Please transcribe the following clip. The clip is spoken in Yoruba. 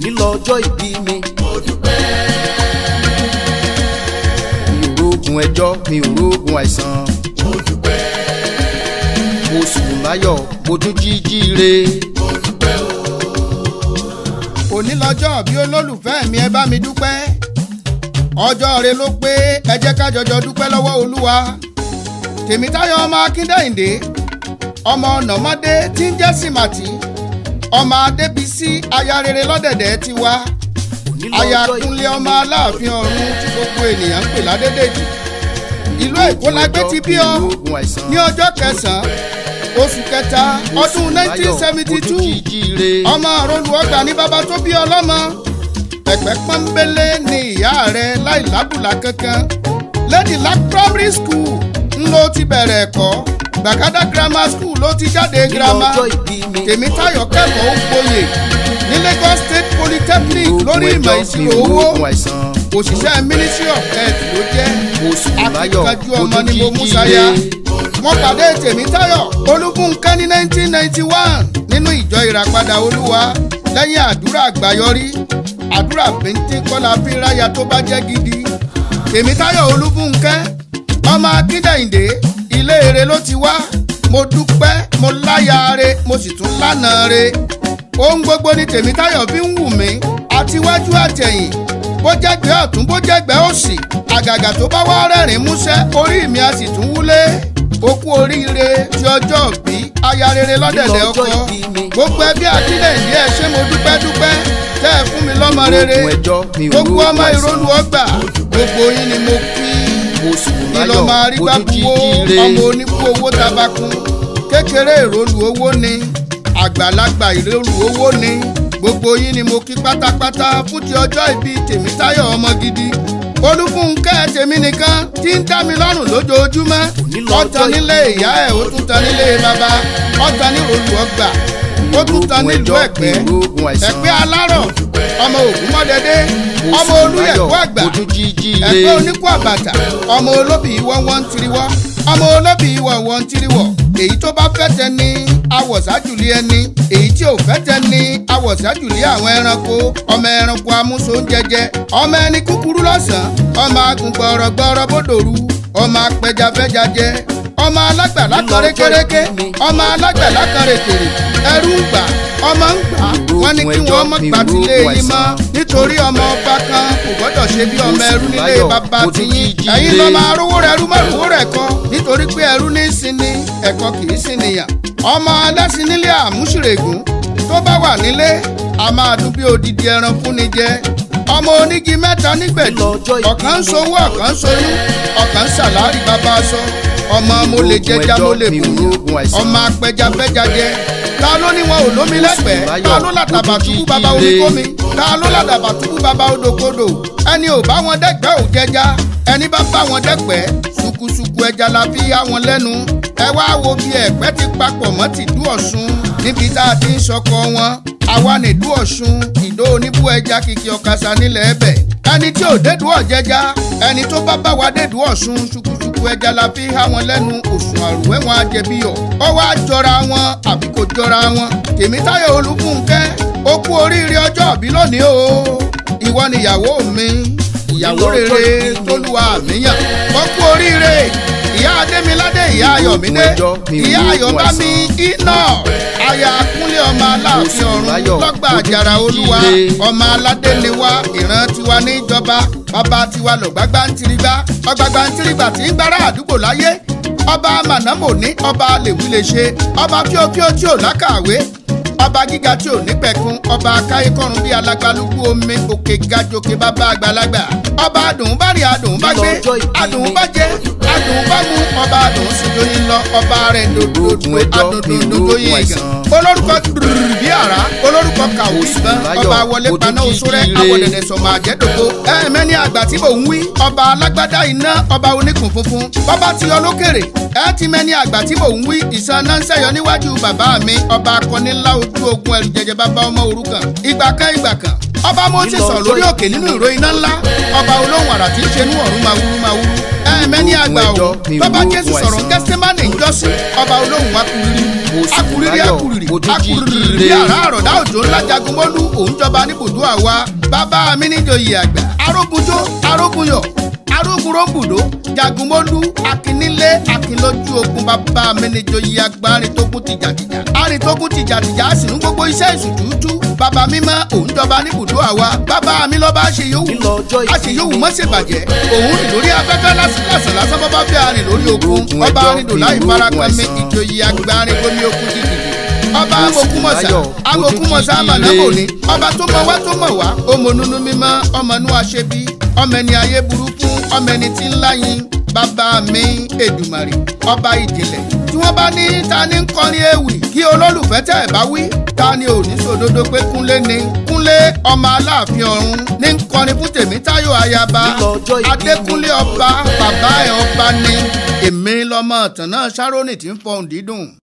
òní lọ́jọ́ ìbí mi. mo dúpẹ́. mi ò rógun ẹjọ́ mi ò rógun àìsàn. mo dúpẹ́. mo sùn láyọ̀ mo tún jí jíire. mo dúpẹ́ o. òní bí olólùfẹ́ mi ẹ bá mi dúpẹ́. ọjọ́ rẹ ló pé ẹ jẹ́ ká jọjọ dúpẹ́ lọ́wọ́ olúwa. tèmítáyọ̀ ọmọ akíndéyìndé ọmọ ọ̀nàmọ́dé tí ń jẹ́ sìmàtì ọmọ adébísí aya rere lọ́dẹ̀dẹ̀ ti wá aya kúnlé ọmọ aláàfin ọ̀run tí gbogbo ènìyàn ń pè ládédèjì ìlú èkó la gbé ti bí ọ ní ọjọ́ kẹsàn-án oṣù kẹta ọdún 1972 ọmọ àrólù ọgbà ní bàbá tó bí ọ lọ́mọ pẹ̀pẹ́ pọ́nbélé ni ìyá rẹ láì lábùlà kankan lady lac primary school ń lo ti bẹ̀rẹ̀ ẹ̀kọ́ Gbàgádà grammar school ló ti jáde girama Tèmítáyọ̀ kẹ́kọ̀ọ́ gboyè ní Lagos State Polytechnic lórí ìmọ̀ ìṣirò owó òṣìṣẹ́ Ministry of Health ló jẹ́ akíkanjú ọmọ ni mo mú sáyà wọ́n pàdé Tèmítáyọ̀ Olúfúnkẹ́ ní 1991 nínú ìjọ ìràpadà Olúwa lẹ́yìn àdúrà àgbáyọrí àdúrà bíntín kọ́lá fi ráyà tó bá jẹ́ gidi Tèmítáyọ̀ Olúfúnkẹ́ ọmọ Akíndéyìndé ilé ire ló ti wá mo dúpẹ́ mo láya mo sì tún lánàá re ohun gbogbo ni Tèmítáyọ̀ fi ń wù mí àtiwájú àtẹ̀yìn bó jẹ́gbẹ́ ọ̀tún bó jẹ́gbẹ́ òsì àgàgà tó bá wá rẹ́rìn músẹ́ orí mi a sì tún wúlé okú oríire ti ọjọ́ bí aya lọ́dẹ̀dẹ̀ ọkọ gbogbo ẹbí àtìlẹ́yìn ẹ ṣé mo dúpẹ́ dúpẹ́ tẹ́ ẹ fún mi lọ́mọ rere gbogbo ọmọ ìrònú ọgbà gbogbo yín ni mo kí ayọ̀ bójútì ire. ọmọ oníkú owó tabakun kékeré ìrolù owó ni àgbàlagbà ìrolù owó ni gbogbo yín ni mo kí pátápátá fún ti ọjọ́ ìbí tèmítáyọ̀ ọmọ gidi olúfúnkẹ́ tèmi nìkan tí ń dá mi lọ́rùn lójoojúmọ́ ọ̀tàn nílé ìyá ẹ̀ ó tún tan nílé bàbá ọ̀tàn ní olùọgbà ó tún tan nílùú ẹ̀pẹ́ ẹ̀pẹ́ alárọ̀ ọmọ ògúnmọ́dẹ́dẹ́ ọmọ olúyẹ̀kọ́ àgbà ẹ̀kọ́ oníkó àbàtà ọmọ olóbì wọ́n wọ́n ń tiriwọ́ ọmọ olóbì wọ́n wọ́n ń tiriwọ́ èyí tó bá fẹ́ tẹ ní awọ̀sájùlé ẹni èyí tí ò fẹ́ tẹ ní awọ̀sájùlé àwọn ẹranko ọmọ ẹranko amúsóúnjẹjẹ ọmọ ẹni kúkúrú lọ́sàn-án ọmọ agùn gbọ̀rọ̀gbọ̀rọ̀ bódòru ọmọ apẹjafẹ́ja jẹ ọmọ alágbàlá kan ọmọ alágbàlá kan rèkèrè ẹrú ń gbà ọmọ ń gbà wọ́n ní kí wọ́n mọ̀ gbàdúlé yín mọ́ nítorí ọmọ ọba kan kò gbọ́dọ̀ ṣe bí ọmọ ẹrú nílé bàbá tiyín ẹ̀yin lọ́ máa rówó rẹ̀ rú mọ́rùwó rẹ̀ kan nítorí pé ẹrú ní sinmi ẹ̀kọ́ kì í sinìyàn ọmọ ẹlẹ́sìn nílé àmúṣìrègùn tó bá wà nílé a máa dún bí odidi ẹran fúnni jẹ ọmọ onígi mẹ́ta nígbẹ̀dì ọ̀kan ń sowó ọ̀kan ń soyún ọ̀kan ń sàlárì bàbá aṣọ ọmọ mo lè jẹja mo lè bùnú ọmọ apẹjapẹja jẹ ta ló ní wọn ò lómi lẹ́gbẹ̀ẹ́ ta ló làtàbà túbú bàbá omi kómi ta ló làtàbà túbú bàbá odòkodò ẹni ò bá wọn dẹ́gbẹ́ ò jẹja ẹni bá bá wọn dẹ́gbẹ́ ṣùkùṣùkù ẹja la fi yá wọn lẹ́nu ẹ wá wo bí ẹ̀pẹ́ ti papọ̀ mọ́ tìdú Ọ̀ṣun níbi tá a ti ń sọkọ wọn àwa nìdú Ọ̀ṣun ìdó oníbú ẹja kìkì ọ̀kasà nílẹ̀ ẹ̀bẹ̀ ẹni tí ò dédùú ọ̀jẹ̀já ẹni tó bá bá wa dédùú ọ̀sun ṣùkúṣùkú ẹja la fi há wọn lẹ́nu òṣùn àrùwẹ́ wọn ajẹbíyọ̀ ó wá jọra wọn àbí kò jọra wọn Tèmítáyọ̀ Olúfúnkẹ́ ó kú oríire ọjọ́ ìbí lónìí o ìwọ nìyàwó mi ìyàwó rere tólúwa mi yàn ó kú oríire ìyá Adémiládé ìyá ayọ̀mídé ìyá ayọ̀bámi iná aya kúnlé ọmọ aláàfin ọ̀run lọ́gbà àjàrà olúwa ọmọ aládé ni ìran tiwa níjọba bàbá tiwa lọ́gbàgbà ń tirigbá ọgbàgbà ń tirigbà tí ń gbára àdúgbò láyé ọba mànàmò ní ọba lèwílèṣe ọba kíókíó tí ò lákàwé ọba gíga tí ò ní pẹ̀kun ọba káyékọ́rùn bíi alágbálúgbú omi òkè gajoke bàbá àgbàlagbà ọba adùn bá rìn adùn bá gbé adùn bá jẹ dùn bá mú ọba dùn sí lóyún lọ ọba rẹ̀ dòdòdò adòdòdòdò yìí gan olórúkọ dùrù bí ara olórúkọ kàwé ìbọn ọba wọlé paná oṣù rẹ àwọdẹdẹ sọmọ àjẹdòdò ẹ mẹni àgbà tí mò ń wí ọba alágbádá iná ọba oníkùn funfun bàbá ti olókèrè ẹ ti mẹni àgbà tí mò ń wí ìsan náà ń ṣẹyọ níwájú bàbá mi ọba akọni ńlá ojú ogun ẹrù jẹjẹ bàbá ọmọ òrukàn ìgbà kan ìgbà kan ọba mo ti sọ lórí òkè nínú ìró iná ńlá ọba olóhùn àrà tí ń ṣe inú ọ̀run máa wúrú máa wúrú ẹ̀ẹ̀mẹ́ni àgbà o bàbá jésù sọ̀rọ̀ gẹ́sẹ́mánì ìjọsí ọba olóhùn wa kúrìrì akuriri akuriri akuriri àrà àròdá òjò ńlá jagun mọ́lú òun jọba ní bùdó àwa bàbá mi níjòyè àgbà arógunjó arógunyọ̀ arúgbúròǹbùdó jagunmólú akínílé akínlójú ogun bàbá mi níjòyè àgbà arìntókùn tìjàtìjà arìntókùn tìjàtìjà sì ń gbogbo iṣẹ́ ìsùn jújú bàbá mímọ́ òun jọba níbùdó àwa bàbá mi lọ́ba àṣeyọ̀wù àṣeyọ̀wù mọ́ ṣe bàjẹ́ òun rìn lórí afẹ́fẹ́ lásìkàsì lásán bọ́bá fẹ́ arìn lórí ogun ọba arìndòlá ìfarapẹ́ mi ìjòyè agbárin gómìn okùn dídì ọba amokumọsa amokumọsa amanabo ni ọba tó mọ wá tó mọ wá ọmọnunu mímọ́ ọmọnú aṣebi ọmọ ẹni ayé burúkú ọmọ ẹni tí ń láyìn bàbá mi Èdùmàrè ọba ìjìnlẹ̀ tí wọ́n bá ní ta ní ń ewì kí olólùfẹ́ tẹ̀ bá wí ta ni ò ní sòdodo pé kúnlé ni kúnlé ọmọ aláàfin ọ̀run ní ń kọrin fún tèmítáyọ̀ ayaba adékúnlé ọba bàbá ẹ̀ ọba ni èmi lọmọ ọ̀tàn náà ṣárónì tí ń fọhùn dídùn